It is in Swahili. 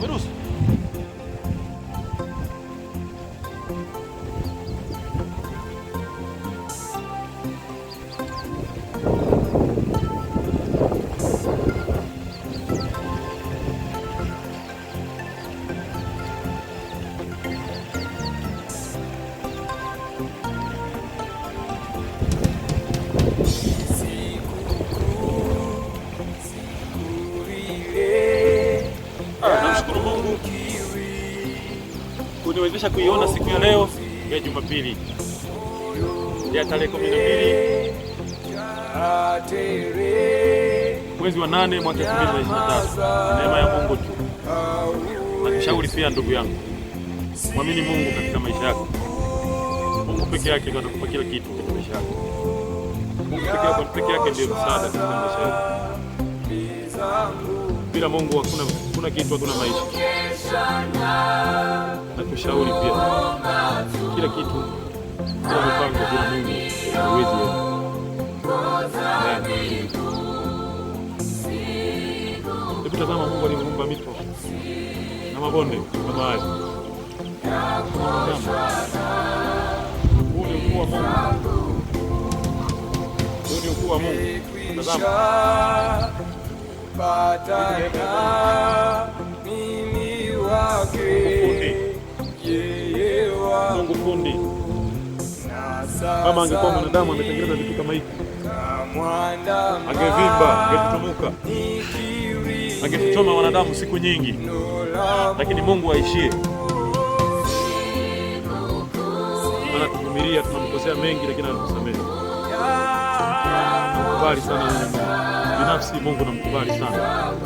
Bruce. kuniwezesha kuiona siku ya leo ya Jumapili ya tarehe 12 mwezi wa nane mwaka 2023. Neema ya Mungu tu. Nakushauri pia ndugu yangu, mwamini Mungu katika maisha yako. Mungu peke yake ndio atakupa kila kitu katika maisha yako. Mungu peke yake, peke yake ndiye msaada katika maisha yako. Bila Mungu hakuna, hakuna kitu, hakuna maisha. Natushauri pia kila kitu, kila mpango, Mungu hawezi. Hebu tazama Mungu alivyoumba mito na mabonde na bahari. Huu ni ukuu wa Mungu, huu ni ukuu wa Mungu. Tazama Mungu fundi, kama angekuwa mwanadamu ametengeneza vitu kama hivi, angevimba, angetuchoma wanadamu siku nyingi, lakini Mungu aishie Anatuvumilia, tunamkosea mengi, lakini anatusamehe. Namkubali sana binafsi, Mungu namkubali sana.